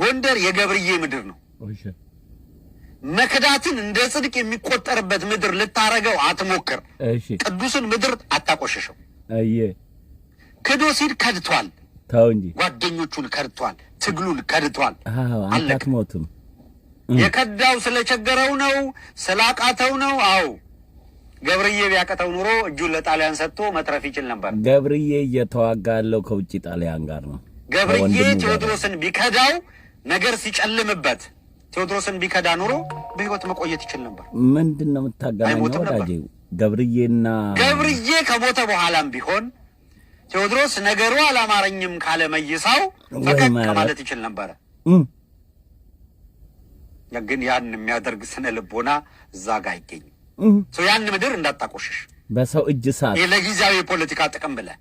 ጎንደር የገብርዬ ምድር ነው። መክዳትን እንደ ጽድቅ የሚቆጠርበት ምድር ልታረገው አትሞክር። ቅዱስን ምድር አታቆሸሸው። ክዶ ሲል ከድቷል። ጓደኞቹን ከድቷል። ትግሉን ከድቷል። አላክሞትም። የከዳው ስለቸገረው ነው፣ ስላቃተው ነው። አዎ ገብርዬ ቢያቀተው ኑሮ እጁን ለጣሊያን ሰጥቶ መትረፍ ይችል ነበር። ገብርዬ እየተዋጋ ያለው ከውጭ ጣሊያን ጋር ነው። ገብርዬ ቴዎድሮስን ቢከዳው ነገር ሲጨልምበት ቴዎድሮስን ቢከዳ ኑሮ በህይወት መቆየት ይችል ነበር። ምንድን ነው የምታገናኘው ወዳጄ? ገብርዬና ገብርዬ ከሞተ በኋላም ቢሆን ቴዎድሮስ ነገሩ አላማረኝም ካለ መይሳው ፈቀቅ ማለት ይችል ነበረ። ግን ያን የሚያደርግ ስነ ልቦና እዛ ጋ አይገኝም። ያን ምድር እንዳታቆሽሽ በሰው እጅ ሳት ለጊዜያዊ የፖለቲካ ጥቅም ብለህ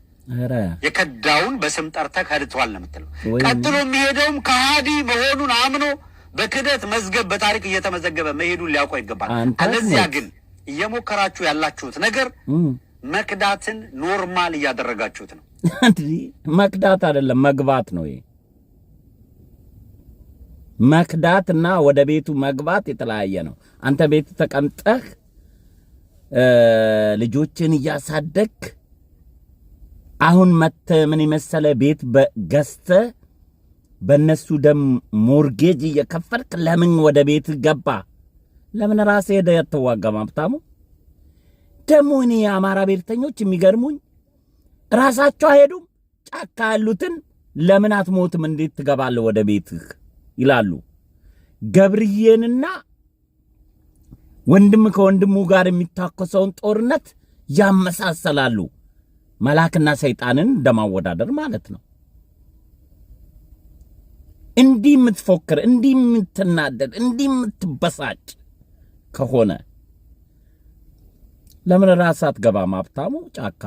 የከዳውን በስም ጠርተ ከድተዋል ነው የምትለው። ቀጥሎ የሚሄደውም ከሃዲ መሆኑን አምኖ በክደት መዝገብ በታሪክ እየተመዘገበ መሄዱን ሊያውቀ ይገባል። አለዚያ ግን እየሞከራችሁ ያላችሁት ነገር መክዳትን ኖርማል እያደረጋችሁት ነው። መክዳት አይደለም መግባት ነው ይሄ። መክዳት እና ወደ ቤቱ መግባት የተለያየ ነው። አንተ ቤት ተቀምጠህ ልጆችን እያሳደግ አሁን መተ ምን የመሰለ ቤት ገዝተ በእነሱ ደም ሞርጌጅ እየከፈልክ ለምን ወደ ቤት ገባ? ለምን ራስ ሄደ ያተዋጋ ማብታሙ ደግሞ እኔ የአማራ ብሔርተኞች የሚገርሙኝ ራሳቸው አይሄዱም። ጫካ ያሉትን ለምን አትሞትም? እንዴት ትገባለህ ወደ ቤትህ ይላሉ። ገብርዬንና ወንድም ከወንድሙ ጋር የሚታኮሰውን ጦርነት ያመሳሰላሉ። መልአክና ሰይጣንን እንደማወዳደር ማለት ነው። እንዲህ የምትፎክር እንዲህ የምትናደድ እንዲህ የምትበሳጭ ከሆነ ለምን ራስ አትገባም? ሀብታሙ ጫካ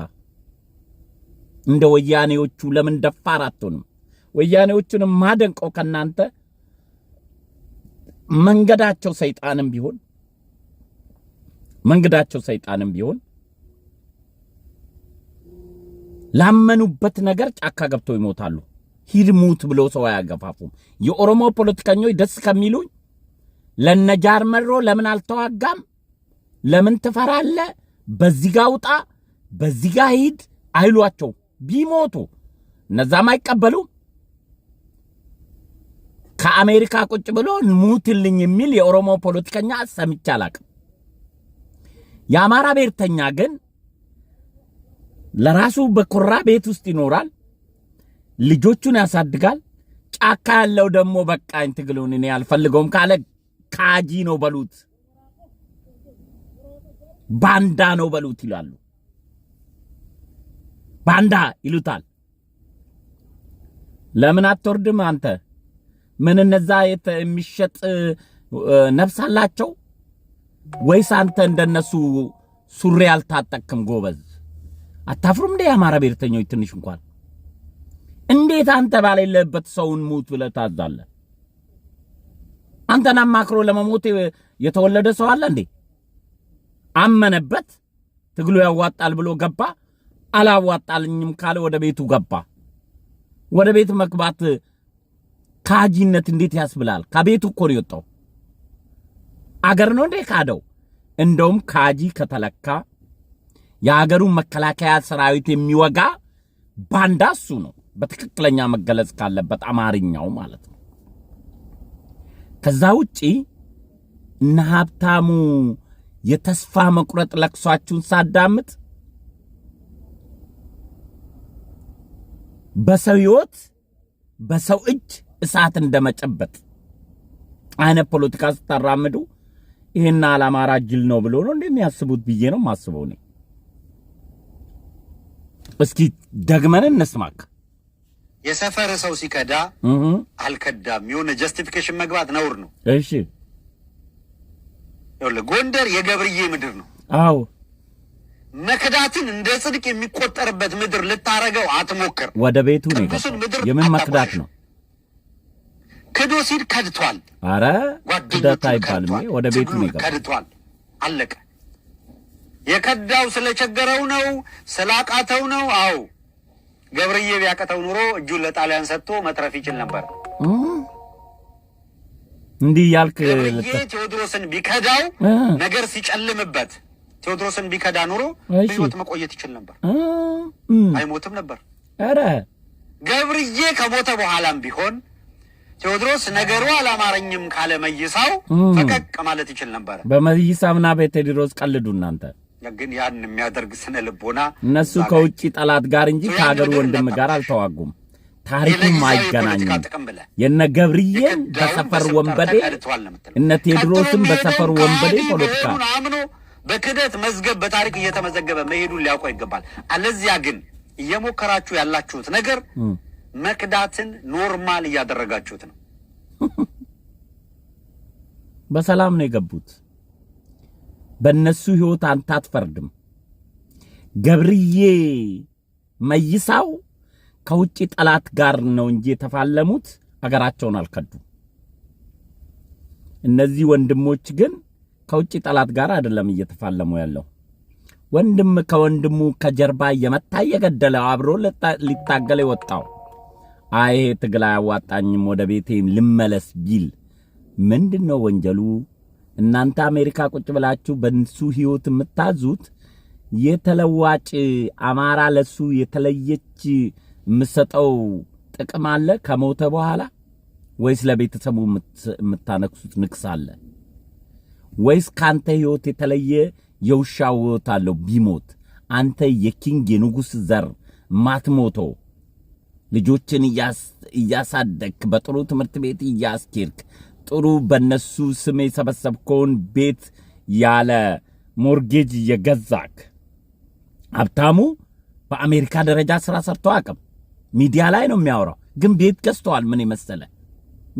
እንደ ወያኔዎቹ ለምን ደፋር አትሆንም? ወያኔዎቹን ማደንቀው ከናንተ መንገዳቸው ሰይጣንም ቢሆን መንገዳቸው ሰይጣንም ቢሆን ላመኑበት ነገር ጫካ ገብተው ይሞታሉ። ሂድ ሙት ብሎ ሰው አያገፋፉም። የኦሮሞ ፖለቲከኞች ደስ ከሚሉኝ ለነ ጃር መሮ ለምን አልተዋጋም? ለምን ትፈራለ? በዚህ ጋ ውጣ፣ በዚህ ጋ ሂድ አይሏቸው። ቢሞቱ እነዛም አይቀበሉም። ከአሜሪካ ቁጭ ብሎ ሙትልኝ የሚል የኦሮሞ ፖለቲከኛ ሰምቼ አላቅም። የአማራ ብሔርተኛ ግን ለራሱ በኮራ ቤት ውስጥ ይኖራል፣ ልጆቹን ያሳድጋል። ጫካ ያለው ደግሞ በቃኝ ትግሉን እኔ አልፈልገውም ካለ ካጂ ነው በሉት፣ ባንዳ ነው በሉት ይላሉ። ባንዳ ይሉታል። ለምን አትወርድም አንተ? ምን እነዛ የሚሸጥ ነፍስ አላቸው ወይስ አንተ እንደነሱ ሱሪ አልታጠቅም ጎበዝ? አታፍሩም እንዴ? የአማራ ብሔርተኞች ትንሽ እንኳን እንዴት አንተ ባሌለበት ሰውን ሙት ብለህ ታዛለህ? አንተን አማክሮ ለመሞት የተወለደ ሰው አለ እንዴ? አመነበት፣ ትግሉ ያዋጣል ብሎ ገባ። አላዋጣልኝም ካለ ወደ ቤቱ ገባ። ወደ ቤት መግባት ካጂነት እንዴት ያስብላል? ከቤቱ እኮ ነው የወጣው። አገር ነው እንዴ ካደው? እንደውም ካጂ ከተለካ የአገሩን መከላከያ ሰራዊት የሚወጋ ባንዳ እሱ ነው። በትክክለኛ መገለጽ ካለበት አማርኛው ማለት ነው። ከዛ ውጪ እነ ሀብታሙ የተስፋ መቁረጥ ለቅሷችሁን ሳዳምጥ በሰው ሕይወት በሰው እጅ እሳት እንደመጨበጥ አይነት ፖለቲካ ስታራምዱ ይህን አላማራ ጅል ነው ብሎ ነው እንደሚያስቡት ብዬ ነው ማስበው ነኝ። እስኪ ደግመን እንስማክ። የሰፈረ ሰው ሲከዳ አልከዳም የሆነ ጀስቲፊኬሽን መግባት ነውር ነው። እሺ ጎንደር የገብርዬ ምድር ነው። አዎ መክዳትን እንደ ጽድቅ የሚቆጠርበት ምድር ልታረገው አትሞክር። ወደ ቤቱ ነው የምን መክዳት ነው? ክዶ ሲል ከድቷል። አረ ጓደኛ አይባልም። ወደ ቤቱ ነው ከድቷል። አለቀ። የከዳው ስለቸገረው ነው፣ ስላቃተው ነው። አዎ ገብርዬ ቢያቀተው ኑሮ እጁን ለጣሊያን ሰጥቶ መትረፍ ይችል ነበር። እንዲህ ያልክ ገብርዬ ቴዎድሮስን ቢከዳው ነገር ሲጨልምበት ቴዎድሮስን ቢከዳ ኑሮ ህይወት መቆየት ይችል ነበር፣ አይሞትም ነበር። ኧረ ገብርዬ ከሞተ በኋላም ቢሆን ቴዎድሮስ ነገሩ አላማረኝም ካለ መይሳው ፈቀቅ ማለት ይችል ነበር። በመይሳምና በቴዎድሮስ ቀልዱ እናንተ። ግን ያን የሚያደርግ ስነ ልቦና እነሱ ከውጭ ጠላት ጋር እንጂ ከሀገሩ ወንድም ጋር አልተዋጉም። ታሪኩም አይገናኝም። የነ ገብርዬን በሰፈር ወንበዴ፣ እነ ቴድሮስን በሰፈር ወንበዴ ፖለቲካ በክደት መዝገብ በታሪክ እየተመዘገበ መሄዱን ሊያውቀው ይገባል። አለዚያ ግን እየሞከራችሁ ያላችሁት ነገር መክዳትን ኖርማል እያደረጋችሁት ነው። በሰላም ነው የገቡት። በእነሱ ህይወት አንተ አትፈርድም። ገብርዬ መይሳው ከውጭ ጠላት ጋር ነው እንጂ የተፋለሙት አገራቸውን አልከዱ እነዚህ ወንድሞች ግን ከውጭ ጠላት ጋር አይደለም እየተፋለሙ ያለው። ወንድም ከወንድሙ ከጀርባ እየመታ እየገደለው አብሮ ሊታገል የወጣው አይ ትግል አያዋጣኝም ወደ ቤቴም ልመለስ ቢል ምንድን ነው ወንጀሉ? እናንተ አሜሪካ ቁጭ ብላችሁ በእሱ ህይወት የምታዙት የተለዋጭ አማራ ለሱ የተለየች የምትሰጠው ጥቅም አለ ከሞተ በኋላ ወይስ ለቤተሰቡ የምታነክሱት ንክስ አለ ወይስ ካንተ ህይወት የተለየ የውሻ ህይወት አለው? ቢሞት አንተ የኪንግ የንጉሥ ዘር ማትሞቶ ልጆችን እያሳደግክ በጥሩ ትምህርት ቤት እያስኬድክ ጥሩ በነሱ ስም የሰበሰብከውን ቤት ያለ ሞርጌጅ የገዛክ ሀብታሙ በአሜሪካ ደረጃ ስራ ሰርቶ አቅም ሚዲያ ላይ ነው የሚያወራው፣ ግን ቤት ገዝተዋል። ምን የመሰለ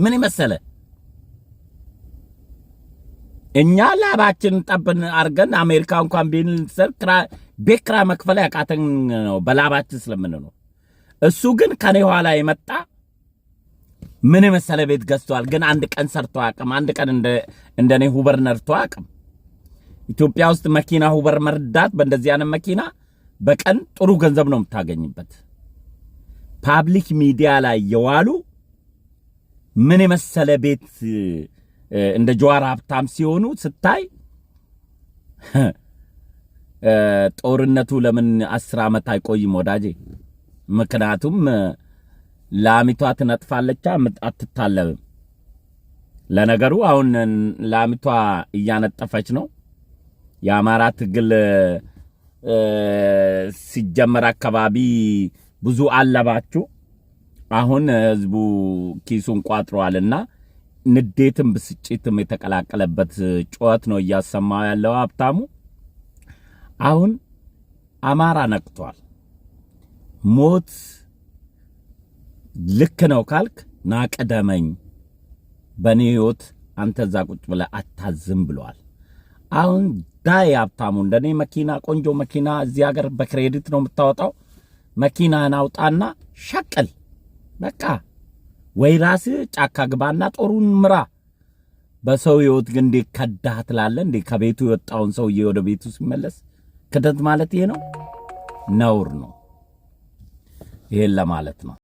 ምን የመሰለ እኛ ላባችን ጠብን አርገን አሜሪካ እንኳን ቤንሰር ቤት ኪራይ መክፈል ያቃተን ነው በላባችን ስለምንኖር። እሱ ግን ከኔ ኋላ የመጣ ምን የመሰለ ቤት ገዝተዋል፣ ግን አንድ ቀን ሰርቶ አቅም አንድ ቀን እንደኔ ሁበር ነርቶ አቅም ኢትዮጵያ ውስጥ መኪና ሁበር መርዳት፣ በእንደዚህ አይነት መኪና በቀን ጥሩ ገንዘብ ነው የምታገኝበት። ፓብሊክ ሚዲያ ላይ የዋሉ ምን የመሰለ ቤት እንደ ጀዋር ሀብታም ሲሆኑ ስታይ ጦርነቱ ለምን አስር ዓመት አይቆይም ወዳጄ? ምክንያቱም ላሚቷ ትነጥፋለቻ አትታለብም። ለነገሩ አሁን ላሚቷ እያነጠፈች ነው። የአማራ ትግል ሲጀመር አካባቢ ብዙ አለባችሁ። አሁን ህዝቡ ኪሱን ቋጥሯልና ንዴትም ብስጭትም የተቀላቀለበት ጩኸት ነው እያሰማው ያለው ሀብታሙ። አሁን አማራ ነቅቷል። ሞት ልክ ነው ካልክ ናቀደመኝ በእኔ ህይወት አንተ እዛ ቁጭ ብለህ አታዝም ብለዋል። አሁን ዳይ ሀብታሙ እንደኔ መኪና ቆንጆ መኪና እዚህ ሀገር በክሬዲት ነው የምታወጣው። መኪናህን አውጣና ሸቅል በቃ ወይ ራስህ ጫካ ግባና ጦሩን ምራ። በሰው ህይወት ግን እንዴ ከዳህ ትላለህ እንዴ? ከቤቱ የወጣውን ሰውዬ ወደ ቤቱ ሲመለስ ክደት ማለት ይሄ ነው፣ ነውር ነው። ይሄን ለማለት ነው።